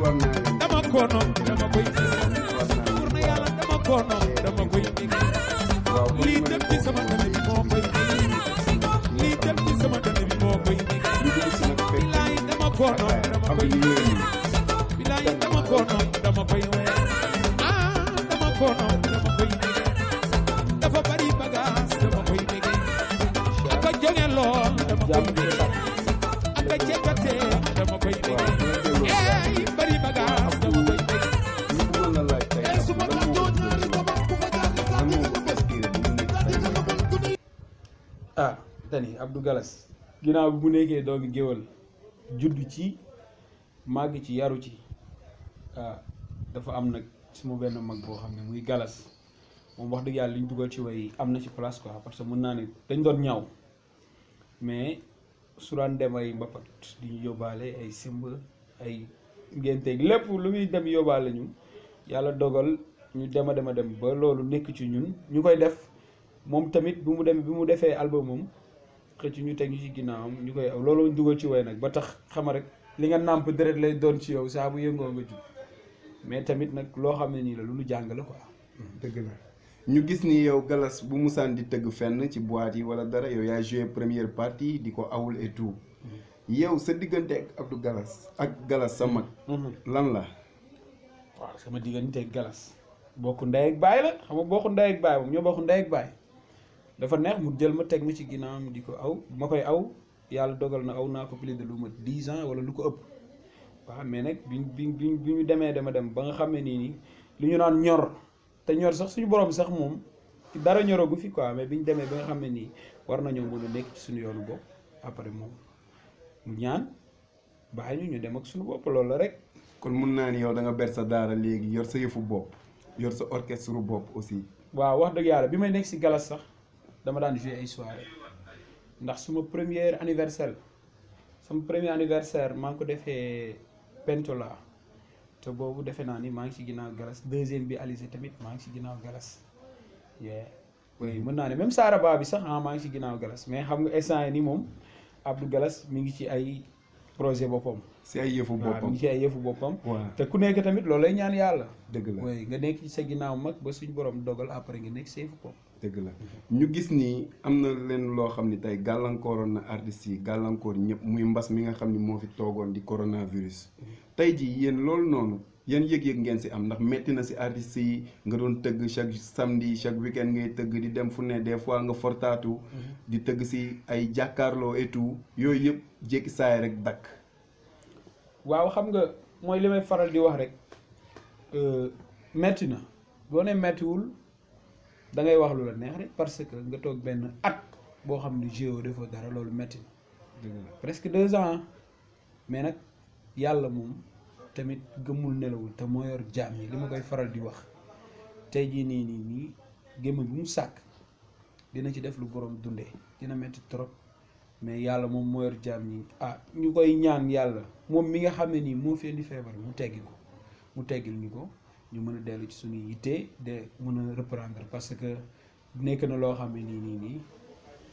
dama ko noom dama koy wóor na yàlla dama ko noom dama koy dégg lii dem ci sama dana bi moo koy dégg lii dem ci sama dana bi moo koy dégg bilaay dama ko noom dama koy dégg bilaay dama ko noom dama koy wéy ah dama ko noom dama koy dégg dafa bari bagage dama koy dégg dafa jóge lool dama koy dégg ni Abdou Galas ginnaaw bi mu nekkee doomi géwal judd ci màgg ci yaru ci waaw ah, dafa am nag suma benn mag boo xam ne muy Galas moom wax dëgg yàlla li ñu dugal ci way am na ci place quoi parce que mën naa ne dañ doon ñaw mais su dem ay mbapat di ñu yóbbaale ay simb ay ngénteeg lépp lu muy dem yóbbaale ñu yàlla dogal ñu dem a dem a dem ba loolu nekk ci ñun ñu koy def moom tamit bi mu dem bi mu defee album moom xëccu ñu teg ñu ci ginnaawam ñu koy aw loolu dugal ci way nag ba tax xam rek li nga nàmp deret lay doon ci yow saa bu yëngoo nga jug mais tamit nag loo xam ne nii la lu lu jàng la quoi. dëgg la ñu gis ni yow galas bu musaan di tëgg fenn ci boîte yi wala dara yow yaa joué première partie di ko awul et tout yow sa diggante ak Abdou Galas ak Galas sa mag. lan la. waaw sama diggante ak Galas bokk ndey ak baay la xam nga bokk ndey ak baay moom ñoo bokk ndey ak baay dafa neex mu jël ma teg ma ci ginaam di ko aw ma koy aw yàlla dogal na aw naa ko plus de lu ma 10 ans wala lu ko ëpp waaw mais nag bi bi bi ñu demee dama dem ba nga xam ne nii nii li ñu naan ñor te ñor sax suñu borom sax moom dara ñorogu fi quoi mais bi ñu demee ba nga xam ne nii war nañoo mën a nekk ci suñu yoonu bopp après moom mu ñaan bàyyi ñu ñu dem ak suñu bopp loolu la rek. kon mun naa ni yow da nga ber sa daara léegi yor sa yëfu bopp yor sa orchestre bopp aussi. waaw wax dëgg yàlla bi may nekk si galas sax. dama daan jouer ay soirée ndax suma premier anniversaire sama premier anniversaire maa ngi ko defee Pentola te boobu defe naa ni maa ngi ci ginnaaw galas deuxième bi Alizé tamit maa ngi ci ginnaaw galas yeah oui mën naa ne même Saaraba bi sax ah maa ngi ci ginnaaw galas mais xam nga instant yi nii moom Abdou Galas mi ngi ci ay projet boppam. si ay yëfu boppam waaw yëfu boppam. te ku nekk tamit loolu lay ñaan yàlla. dëgg la mooy nga nekk ci sa ginnaaw mag ba suñu borom dogal après nga nekk sa yëfu bopp. dëgg la ñu gis nii am na leen loo xam ni tey gàllankooroon na artistes yi gàllankoor ñëpp muy mbas mi nga xam ni moo fi toogoon di coronavirus. Mm-hmm. tey jii yéen loolu noonu. yan yëg-yëg ngeen si am ndax métti na si artistes yi nga doon tëgg chaque samedi chaque weekend ngay tëgg di dem fu ne des fois nga fortaatu. di tëgg si ay jàkkaarloo et yooyu yëpp jékki saay rek dakk waaw xam nga mooy li may faral di wax rek métti na boo ne méttiwul da ngay wax lu la neex rek parce que nga toog benn at boo xam ne géo defoo dara loolu métti na. presque deux ans mais nag yàlla moom. tamit gëmul nelawul te moo yor jaam yi li ma koy faral di wax tey jii nii nii nii gémmiñ bu mu sàkk dina ci def lu borom dundee dina metti trop mais yàlla moom moo yor jaam ñi ah ñu koy ñaan yàlla moom mi nga xam ne nii moo fi indi feebar mu teggi ko mu teggi lu ñu ko ñu mën a dellu ci suñu yitte de mën a reprendre parce que nekk na loo xam ne nii nii nii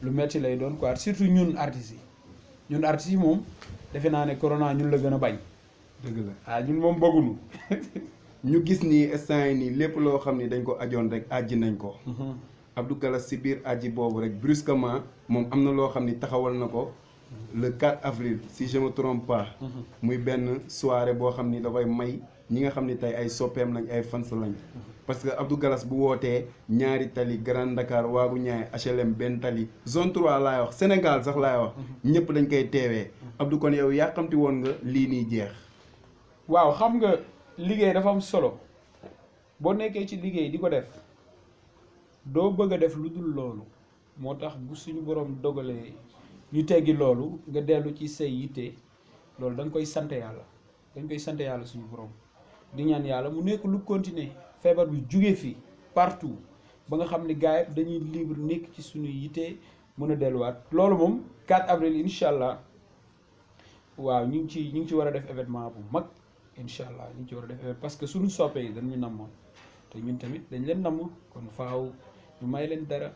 lu metti lay doon quoi surtout ñun artistes yi ñun artistes yi moom defe naa ne corona ñun la gën a bañ. dëgg la ah ñun moom bëgguñu. ñu gis ni instant yi nii lépp loo xam ni dañ ko ajoon rek àjji nañ ko. Mhm. Abdou Galass si biir àjji boobu rek brusquement moom am na loo xam ni taxawal na ko. le 4 avril si je me trompe mhm. muy benn soirée boo xam ni dafay may ñi nga xam ni tey ay soppeem lañ ay fans lañ. Mhm. parce que Abdou Galass bu wootee ñaari tali Grand Dakar waagu ñaay HLM benn tali zone 3 laay wax Sénégal sax laay wax. ñëpp dañ koy teewee. Abdou kon yow yàqamti woon nga lii nii jeex. waaw xam nga liggéey dafa am solo boo nekkee ci liggéey di ko def doo bëgg a def lu dul loolu moo tax bu suñu borom dogalee ñu teggi loolu nga dellu ci say yitte loolu da koy sant yàlla dañ koy sant yàlla suñu borom di ñaan yàlla mu nekk lu continuer feebar bi juge fi partout ba nga xam ni gars yi dañuy libre nekk ci suñu yitte mën a delluwaat loolu moom 4 avril incha allah waaw ñu ngi ci ñu ngi ci war a def événement bu mag. incha allah ñu ci war a defee parce que suñu soppee yi dañu namoon te ñun tamit dañ leen namm kon faaw ñu may leen dara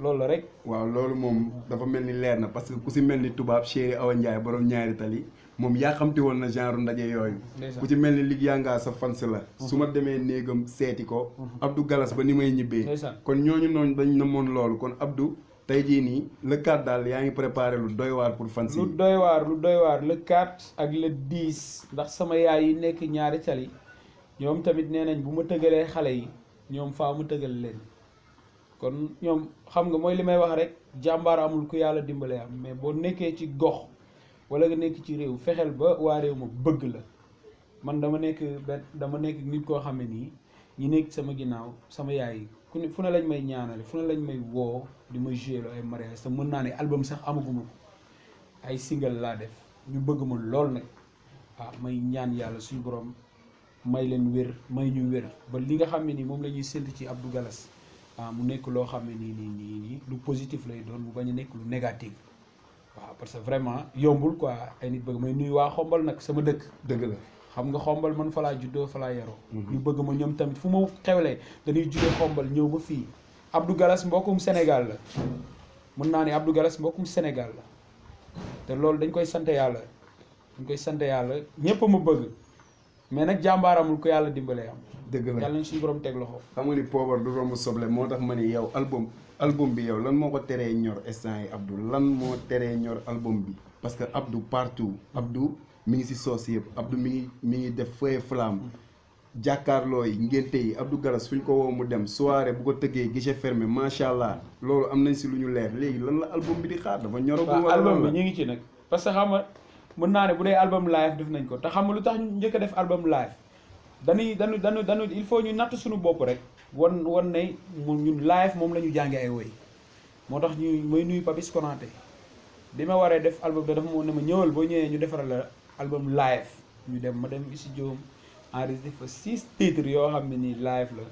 loolu la rek. waaw loolu moom dafa mel ni leer na parce que ku si mel ni tubaab chéri Awa Ndiaye borom ñaari tali moom yaa xamti woon na genre ndaje yooyu. ku ci mel ni Ligue Yanga sa fans la. Mhm. su ma demee néegam seeti ko. Mhm. Abdou Galas ba ni may ñibbee. kon ñooñu noonu dañ namoon loolu kon Abdou. tey jii nii le daal yaa ngi préparer lu doy waar pour fans yi lu doy lu doywaar waar le ak le 10 ndax sama yaay yi nekk ñaari tali ñoom tamit nee nañ bu ma tëgalee xale yi ñoom faa mu tëgal leen kon ñoom xam nga mooy li may wax rek jàmbaar amul ku yàlla dimbale am mais boo nekkee ci gox wala nga nekk ci réew fexeel ba waa réew ma bëgg la man dama nekk benn dama nekk nit koo xam ne nii. ñi nekk sama ginnaaw sama yaay ku ne fu ne lañ may ñaanale fu ne lañ may woo di ma jouer ay mariage te mën naa ne album sax amaguma ko ay single laa def ñu bëgg ma lool nag ah may ñaan yàlla suñu boroom may leen wér may ñu wér ba li nga xam ne nii moom lañuy ñuy sént ci Abdou Galass ah mu nekk loo xam ne nii nii nii nii lu positif lay doon mu bañ a nekk lu négative waaw parce que vraiment yombul quoi ay nit bëgg may nuyu waa xombal nag sama dëkk dëgg la xam nga xombal man fa laa juddoo fa laa yaroo mhm. ñu bëgg ma ñoom tamit fu ma xewlee dañuy jugee xombal ñëw ba fii abdu Galas mbokkum Sénégal la mën naa ne Abdou Galas mbokkum Sénégal la te loolu dañ koy sant yàlla dañ koy sant yàlla ñëpp ma bëgg mais nag jàmbaaramul ko yàlla dimbalee am dëgg la yàlla nañ suñu borom teg loxo xam nga ni poobar du romb soble moo tax ma ni yow album album bi yow lan moo ko teree ñor instant yi Abdou lan moo teree ñor album bi mi ngi si soos yëpp Abdou mi ngi mi ngi def feuille flamme jàkkaarloo yi ngénte yi Abdou Garas fuñ ko woo mu dem soirée bu ko tëggee fermé macha allah loolu am nañ si lu ñu leer léegi lan la album bi di xaar dafa wala album bi ñu ngi ci nag parce que xam mën naa ne bu dee album live def nañ ko te xam nga lu tax njëkk a def album live dañuy dañu dañu dañu il faut ñu natt suñu bopp rek won won ne ñun live moom la ñu jàngee ay woy moo tax ñuy may nuyu Papis Konaté bi ma def album da dafa moo ne ma ñëwal boo ñu defaral album live ñu dem ma dem studio enregistré fa six titres yoo xam ne nii live la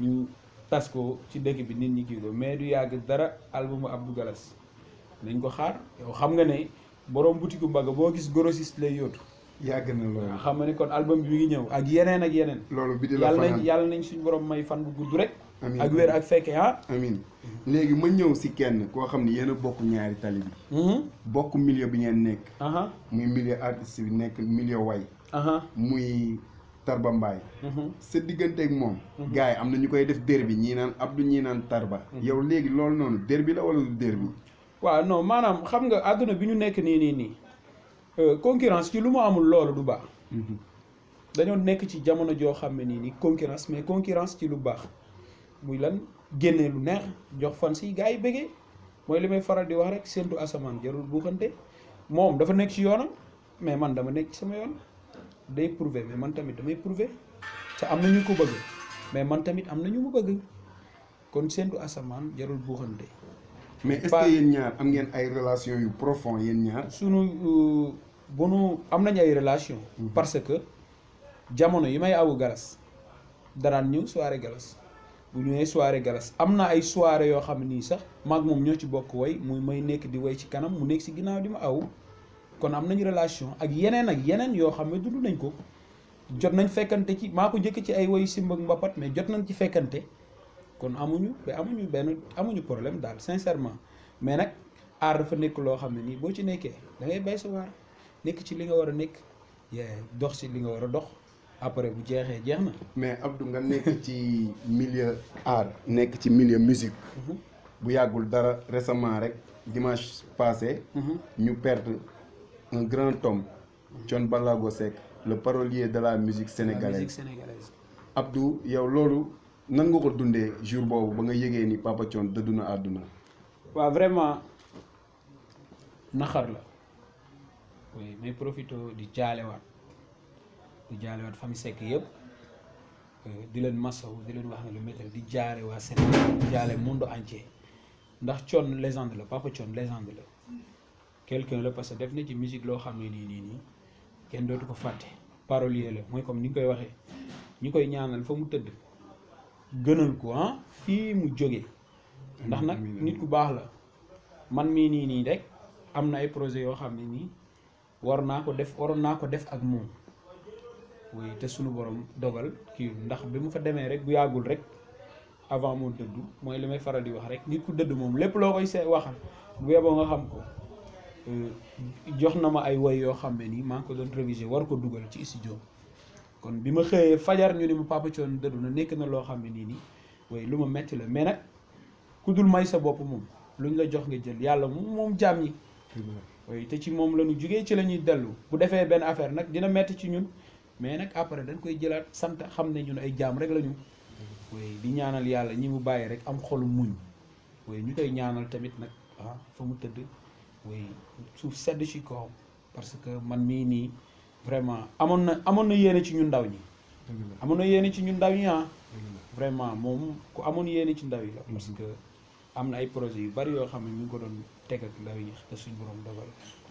ñu tas ko ci dëkk bi nit ñi kii ko mais du yàgg dara albumu Abdou Galass nañ ko xaar yow xam nga ne borom boutique mbaga boo gis grossiste lay yootu yàgg na loolu xam nga ne kon album bi mi ngi ñëw ak yeneen ak yeneen. loolu bi di la yàlla nañ yàlla nañ suñu borom may fan bu gudd rek. ak wér ak fekke ah amiin léegi ma ñëw si kenn koo xam ni yéen a bokk ñaari tali bi mm-hmm. bokk milieu bi ngeen nekk uh-huh. muy milieu artiste bi nekk milieu way uh-huh. muy Tarba Mbaye mm-hmm. sa digganteeg moom mm-hmm. gars yi am na ñu koy def bi ñii naan Abdou ñii naan Tarba yow léegi loolu noonu bi la wala du derbi waaw no maanaam xam nga àdduna bi ñu nekk nii nii nii euh, concurrence ci lu mu amul loolu du baax dañoo nekk ci jamono joo xam ne nii nii concurrence mais concurrence ci lu baax muy lan génnee lu neex jox fan si gaay yi moy limay faral di wax rek sentu asaman jarul buuxante mom dafa nekk ci yoonam mais man dama nekk ci sama yoon day prouver mais man tamit damay prouver ci amna ñu ko bëgg mais man tamit amna ñu mu bëgg kon sentu asaman jarul mais est-ce que yeen ñaar am ngeen ay relation yu profond yeen ñaar. sunu euh, bu nu am nañ relation mhm. parce que jamono yi may awu galas daraan ñu soirée galas. bu ñu nee soirée galas am na ay soirée yoo xam nii sax maak moom ñoo ci bokk way muy may nekk di way ci kanam mu nekk si ginnaaw di ma aw kon am nañu relation ak yeneen ak yeneen yoo xam ne dund nañ ko jot nañ fekkante ci maa ko jëkk ci ay wayu si ak mbapat mais jot nañ ci fekkante kon amuñu amuñu benn amuñu problème daal sincèrement mais nag aar dafa nekk loo xam ne nii boo ci nekkee da ngay bay sa waar nekk ci li nga war a nekk yee dox ci li nga war a dox après vous mais Abdou n'est ci milieu art. un milieu musique. Mhm. récemment dimanche passé. nous mhm. un grand homme. John Balago, le parolier de la musique sénégalaise. Abdou yow lolu nan nga ko dundé jour bobu ba nga Papa na Wa vraiment naxar la. oui mais profito di di jaale wat fami sek yeb eh, di leen masaw di len wax ne lu métti di jaare wa sen di jaale monde entier ndax chon légende la Papa chon légende la quelqu'un le passé def na ci musique loo xam ni ni ni ken dotu ko fàtte parolier la moy comme ni ngui koy waxee ni koy ñaanal fa mu teud gënal ko ah fi mu joggé ndax nak nit ku bax la man mi ni ni rek amna ay projet yo xam ni warna ko def warna ko def ak muy te suñu borom dogal kii ndax bi mu fa demee rek bu yàggul rek avant moo dëdd mooy li may faral di wax rek nit ku dëdd moom lépp loo koy see waxal bu yeboo nga xam ko euh, jox na ma ay woy yoo xam ne nii maa ngi ko doon réviser war ko dugal ci studio kon bi ma xëyee fajar ñu ne mu Papa Thione na nekk na loo xam ne nii nii way lu ma metti la mais nag ku dul may sa bopp moom luñ la jox nga jël yàlla mu moom jaam ñi way te ci moom la ñu jugee ci la ñuy dellu bu defee benn affaire nag dina metti ci ñun mais nag après dañ koy jëlaat sant xam ne ñun ay jaam rek lañu woy di ñaanal yàlla ñi mu bàyyi rek am xolu muñ woy ñu koy ñaanal tamit nag ah fa mu tëdd woy suuf sedd ci kawam parce que man mii nii vraiment amoon na amoon na yéene ci ñun ndaw ñi amoon na yéene ci ñu ndaw ñi ah moom ku amoon yéene ci ndaw yi la parce que am na ay projet yu bari yoo xam ne ñu ngi ko doon teg ak ndaw yi te suñ borom dogal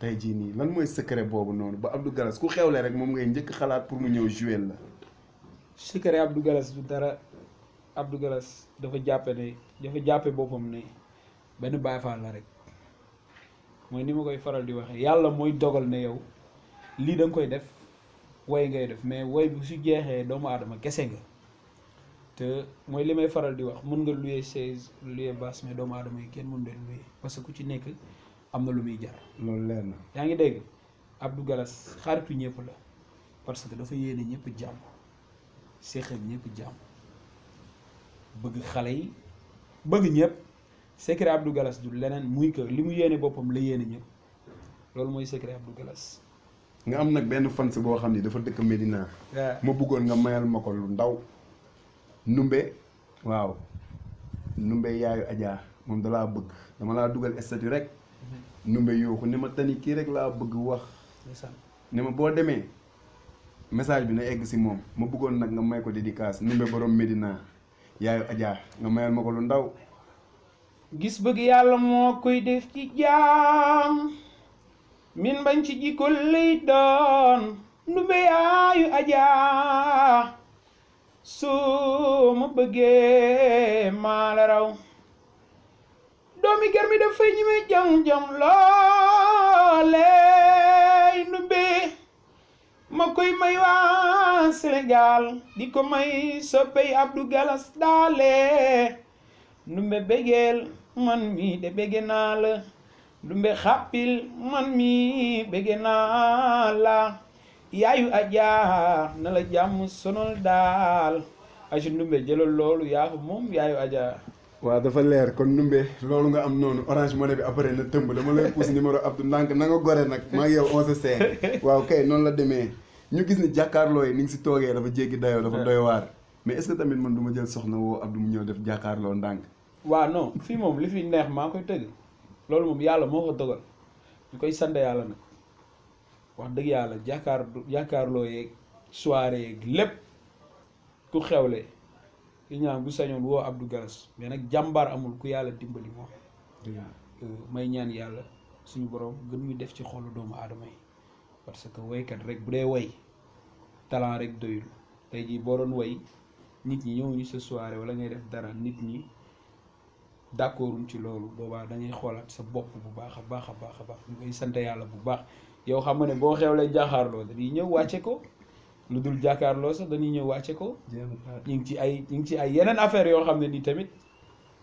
tey jii nii lan mooy secret boobu noonu ba Abdou Galass ku xewle rek moom ngay njëkk xalaat pour mu ñëw jouer la. secret Abdou Galass du dara Abdou dafa jàppe ne dafa jàppe boppam ne benn Baay la rek mooy ni ma koy faral di waxee yàlla mooy dogal ne yow lii da koy def woy ngay def mais woy bu su jeexee doomu aadama kese nga. te mooy li may faral di wax mën nga louer chaise louer basse mais doomu aadama yi kenn mën na louer parce que ku ci nekk. amna lu muy jar. lolou leer na ngi Abdou Galas xaritu ñepp la parce que dafa yene ñëpp jàmm seexal ñepp jam bëgg xalé yi bëgg ñepp secret Abdou Galas du lenen muy ke limu yene bopam la yene ñepp lolou moy secret Abdou Galas. nga am nag benn fans bo xamni dafa dëkk Medina. mo bëggoon nga mayal mako lu ndaw. Numbe waaw Numbe yaayu Adja da la bëgg dama la duggal statut rek. Mm-hmm. numbe yuuxu ko nima tani ki rek laa bëgg wax nima bo démé message bi na egg ci mom ma bëggon nak nga may ko dédicace numbe borom Medina yaayu Adja nga mayal ma lu ndaw gis bëgg yalla mo koy def ci jaam min bañ ci jikko lay doon numbe yaayu Adja su ma bëgge ma la raw doomi ger mi dafay ñi may jam-jam looleey ndumbe ma koy may waa Sénégal di ko may soppey Abdou Galas daale ndumbe bégeel man mi de bége ndumbe xàppil man mi bége la yaayu aja na la jàmm sonol daal aji ndumbe jëlal loolu yaa moom yaayu aja waaw dafa leer kon numbe loolu nga am noonu orange money bi après na tëmb dama lay pousse numéro Abdou ndànk na nga gore nag maa ngi yow on se waaw kay noonu la demee ñu gis ne jàkkaarloo yi ni ñu si toogee dafa jéggi dayoo dafa doy waar mais est ce que tamit man du ma jël soxna woo Abdou mu ñëw def jàkkaarloo ndànk waaw non fii moom li fi neex maa koy tëgg loolu moom yàlla moo ko dogal ñu koy sant yàlla nag wax dëgg yàlla jàkkaar jàkkaarloo yeeg soirée yeeg lépp ku xewle iñaan bu sañoon woo Abdou Garas mais nag jàmbaar amul ku yàlla dimbali moo euh, may ñaan yàlla suñu borom gën ñu def ci xolu doomu adama yi parce que woykat rek bu dee woy talent rek doyul tey jii boo doon woy nit ñi ñëw ñu sa soirée wala ngay def dara nit ñi d'accorduñ ci loolu boobaa dangay xoolaat sa bopp bu baax a baax a baax a baax ñu sant yàlla bu baax yow xam nga ne boo xewlee jaaxaarloo dañuy ñëw wàcce ko lu dul jàkkaarloo sax dañuy ñëw wàcce ko. ñu ngi ci ay ñu ngi ci ay yeneen affaire yoo xam ne nii tamit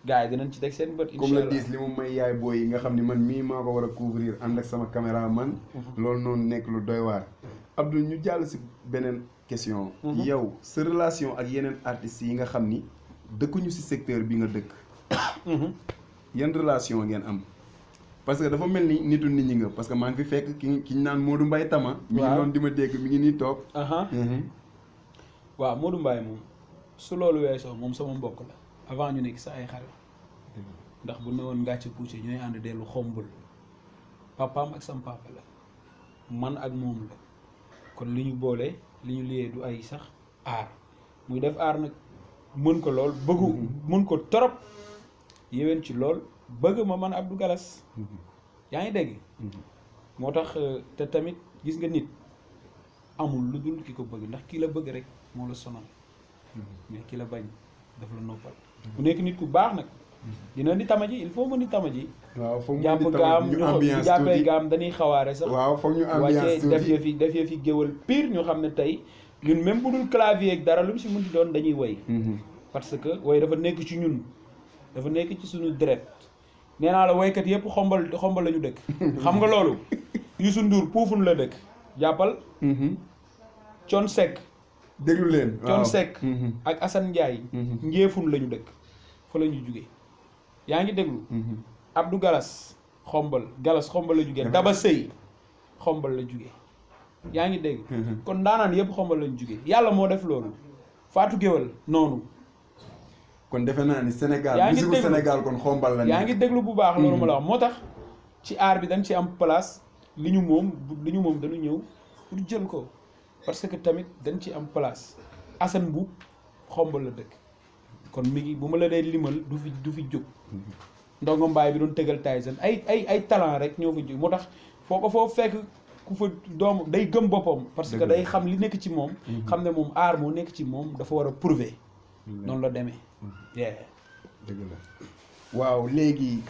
gars yi dinañ ci teg seen bët. incha allah comme le dis li mu may yaay booy yi nga xam ni man mii maa ko war a couvrir ànd ak sama caméra man. Mhm. loolu noonu nekk lu doy waar. Abdou ñu jàll si beneen question. Mhm. yow sa relation ak yeneen artistes yi nga xam ni dëkkuñu si secteur bi nga dëkk. Mhm. yan relation ngeen am. parce que dafa melni ni nitu nit ñi nga parce que maa ngi fi fekk ki ki ñu naan Modou Mbaye Tama. mi ngi doon di ma dégg mi ngi Aha. toog. Mhm. waaw Modou Mbaye moom su loolu weesoo moom sama mbokk la avant ñu nekk sa ay xarit ndax bu ne woon puuce ñooy ànd dellu xombul papaam ak sam papa la man ak moom la kon li ñu boole li ñu liyee du ay sax aar muy def aar nag mën ko lool bëggu mhm. mën ko torop yéwén ci lool. bëgg ma man Abdou Galass yaa ngi dégg moo tax te tamit gis nga nit amul lu dul ki ko bëgg ndax kii la bëgg rek moo la sonal mais ki la bañ daf la noppal mu nekk nit ku baax nag dina ni tama ji il faut mu ni tama ji waaw foog ñu jàpp gaam ñu jàppee gaam dañuy xawaare sax waaw foog ñu ambiance tuuti def yëfi def yëfi géwal pire ñu xam ne tey ñun même bu dul clavier dara lu mu si munti doon dañuy woy mhm. parce que woy dafa nekk ci ñun dafa nekk ci suñu direct nee naa la woykat yëpp xombal xombal la ñu dëkk. xam nga loolu Youssou Ndour puufun la dëkk jàppal. Mm-hmm. Thione Seck. déglu leen waaw Thione Seck. Mm-hmm. ak Assane Njéefun mm-hmm. la dëkk fa la ñu jugee yaa ngi déglu. Abdou Galas xombal Galas xombal la jóge Daba Sey xombal la jugee. yaa ngi dégg. kon daanaan yëpp xombal la jóge yàlla moo def loolu faatu Guewel noonu. kon defe naa ni Sénégal musique Sénégal kon xombal la yaa ngi déglu bu baax loolu ma la hmm. wax moo tax ci aar bi dañ ci am place li ñu moom li moom dañu ñëw pour jël ko parce que tamit dañ ci am place Assane bu xombal la dëkk kon mi ngi bu ma la dee limal du fi du fi jóg ndongo mbaay bi doon tëgal Tyson ay ay ay talent rek ñoo ko jóg moo tax foo ko foo fekk ku fa doom day gëm boppam parce que day xam li nekk ci moom hmm. xam ne moom aar moo nekk ci moom dafa war a prouver Mm-hmm. noonu la demee. Mm-hmm. waaw léegi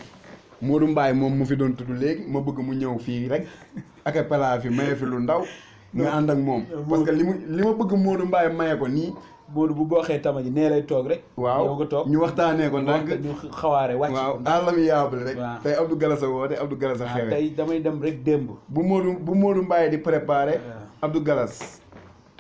Modou mbaay moom mu fi doon tudd léegi ma bëgg mu ñëw fii rek ak Pala fi maye fi lu ndaw. nga ànd ak moom parce que li mu li ma bëgg Modou mbaay maye ko nii. Modou bu booxee tama ji nee lay toog rek. waaw yow nga ñu waxtaanee ko nag ñu xawaare wàcc. waaw àllam yaabal rek. waaw tey Abdou Galasa woote Abdou Galasa ah, xewee. tey damay dem rek démb. bu Modou bu Modou mbaay di préparé. Ah. Abdou Galas.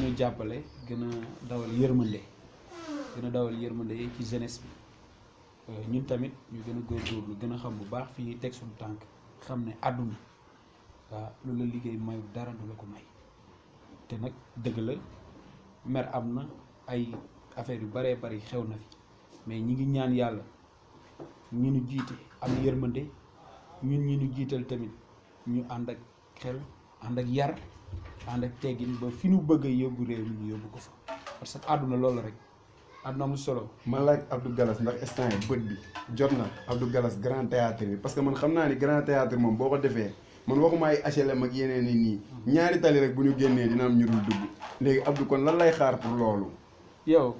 ñu jàppale gën a dawal yërmande gën a dawal yërmande ci jeunesse bi euh, ñun tamit ñu gën a góorgóorlu gën a xam bu baax fii ñuy teg suñu tànk xam ne àdduna waaw ah, lu la liggéey mayu dara du la ko may te nag dëgg la mer am na ay affaire yu baree bari xew na fi mais ñi ngi ñaan yàlla ñu nu jiite am yërmande ñun ñu nu jiital tamit ñu ànd ak xel ànd ak yar ànd ak teggin ba fi ñu bëgg a réew mi ñu yóbbu ko fa parce que aduna loolu rek aduna mu solo. ma laaj Abdou Gallas ndax instant yi bët bi jot Abdou grand théâtre bi parce que man xam naa ni grand théâtre moom boo ko defee man waxuma ay HLM ak yeneen i nii ñaari tali rek bu ñu génnee dina am ñu dul dugg léegi Abdou kon lan lay xaar pour loolu. yow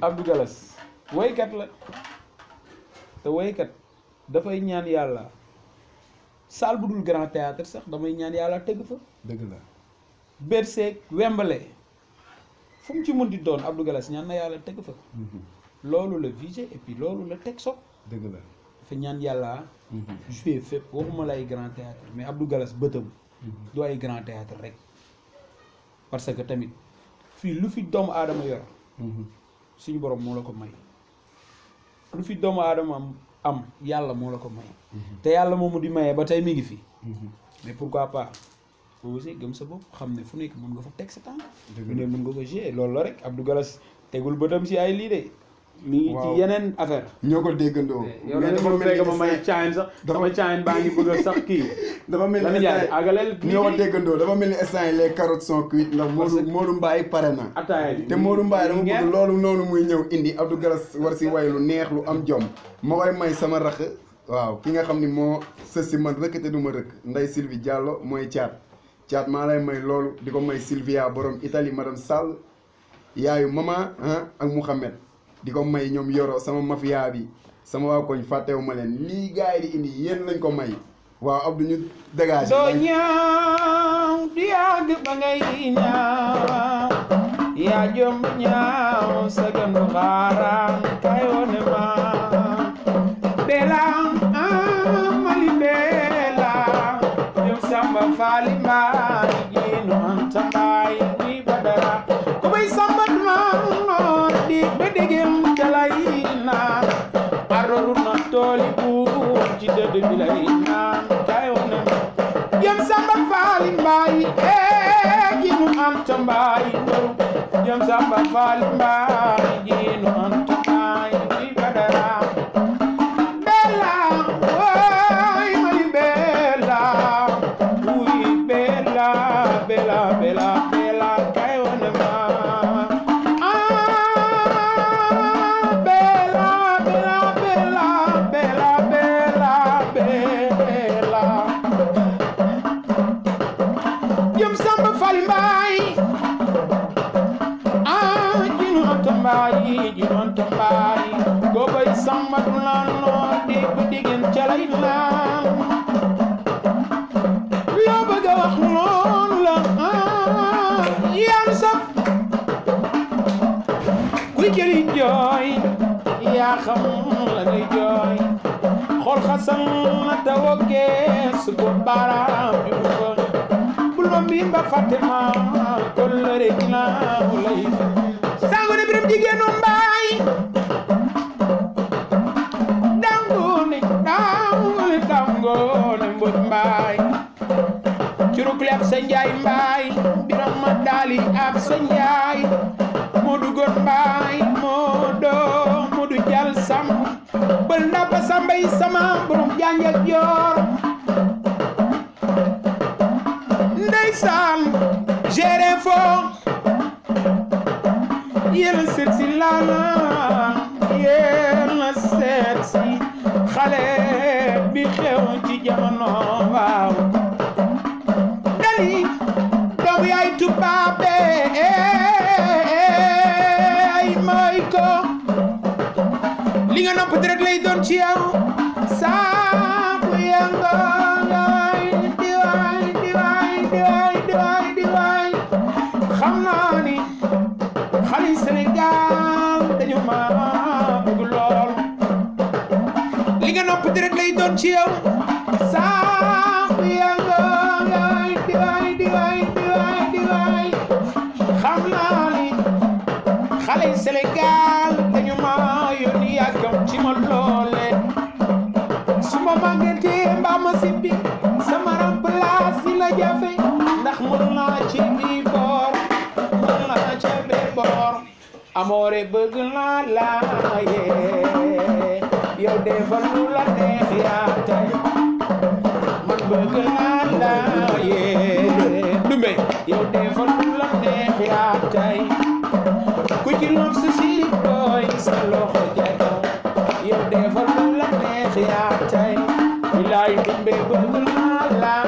Abdou galas woykat la te woykat dafay ñaan yàlla saal bu dul grand théâtre sax damay ñaan yàlla tegg fa. dëgg la. Bercy Wembley fu mu ci mën di doon Abdou Galass ñaan na yàlla teg fa. Mhm. loolu la visé et puis loolu la teg so dëgg la dafa ñaan yàlla. Mhm. joué fépp waxuma lay grand mais Abdou Galass bëtam. Mhm. du ay grand théâtre rek. parce que tamit fii lu fi doomu aadama yor. suñu borom moo la ko may. lu fi doomu aadama am yàlla moo la ko may. te yàlla moomu di maye ba tey mi ngi fi. mais pourquoi pas. posé gëm sa bopp xam ne fu nekk mën nga fa teg sa temps bu ne mën nga ko gérer loolu la rek Abdou Galas tegul bëtam si ay lii de mi ci yeneen affaire ñoo ko déggandoo eh, yow la dafa fekk ma may caayin sax dama caayin baa ngi bëgg a kii dafa mel ni agaleel ñoo ko déggandoo dafa mel ni instant yi les carottes sont cuites ndax Modou Modou Mbaye pare na attaaya te Modou Mbaye dama bëgg loolu noonu muy ñëw indi Abdou Galas war si way lu neex lu am jom moo koy may sama rax waaw ki nga xam ni moo sës si man rëkk te du ma rëkk Ndeye Sylvie Diallo mooy caat caat ma lay e may lolou diko may Sylvia borom Italie madame Sall yaayu mama ak mohammed diko may ñom yoro sama mafia bi sama wa koñ faté wu malen li gaay yi di indi yeen lañ ko may wa Abdou ñu dégage. do ñaaw di ag ba ngay ñaaw yaa ñaaw sa gën baaraam kay wone ma bela sama Falma. ji ɗon to mbaari gobay sammadou lan noon debbo ɗigen calay lan lobaga wax noon la ah, yaan saf ku jëli jooy yaa xam la ngay jooy xool xasan na ko bu ba jigéenu mbaay dangoone dangoone dangoone mbot mbaay curukle ab sa mbaay biram ma daali ab sa njaay moodu mbaay moodo moodu jal sam bël na ba sambay sama borom janjak joor ndeysaan yéen a seet si laala yéen a seet si xale bi xew ci jamono waaw dali doomu yaay tubaabe ay mooy ko li nga nopp deret lay doon ci yow saa bu yëngoo Sénégal dañu maa bëgg lool li nga nopp deret lay doon ci yow saa yaa nga ngay diwaay diwaay diwaay diwaay xam naa ni xale yi Sénégal dañu maa yónni yàggam ci ma loole su ma màggatee mbaa ma sibbi sama remplace yi la jafe ndax mën naa ci amoore bëgg naa laa yee yow defal lu la neex yaa tey bëgg naa laa yee dumbe yow defal lu la neex yaa tey ku ci lox si si doy bëgg naa laa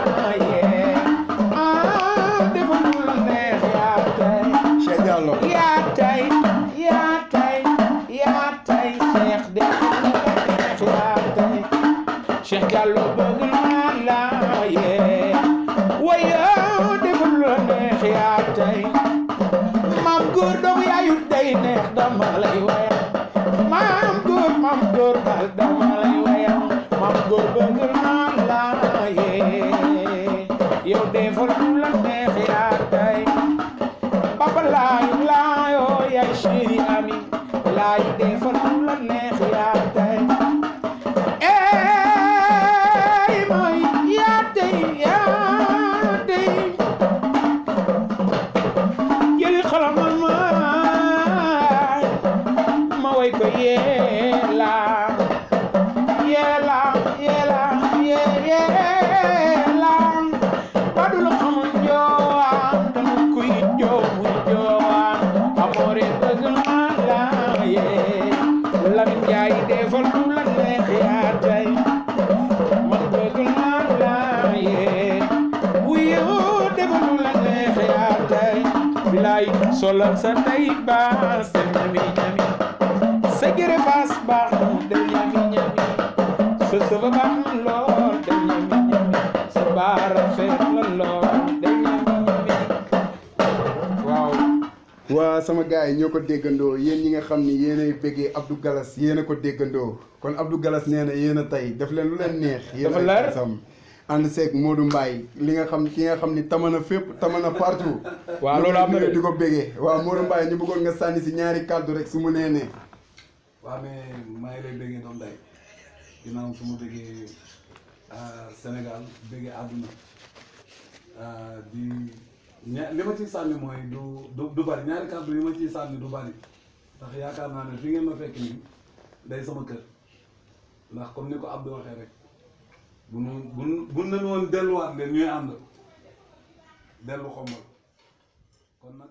Malai tolloog sa ndey waaw waa sama gars yi ñoo ko déggandoo yéen ñi nga xam ni yéen ay bëggee Abdou Galass yéen ko déggandoo kon Abdou Galass nee na yéen a tey def leen lu leen neex yéen a sam ànd sek Modou mbay li nga xam ki nga xam ni tamana fep tamana tama na partout. waaw loolu am na diko ko wa Modou mbay ñu bëggoon nga sanni ci ñaari cadeau rek su mu nee wa mais lay bégee doom day ginnaaw su ma bégee ah, Sénégal bégee àdduna ah, di ña li ma ci sanni moy du du bari ñaari cadeau yi ma ciy sànni du bari tax yaakaar na ne fi ngeen ma fekk ni day sama kër ndax comme ni ko Abdou waxee rek. bu nu bu nu bu woon delluwaat de ñooy ànd dellu xombal kon nag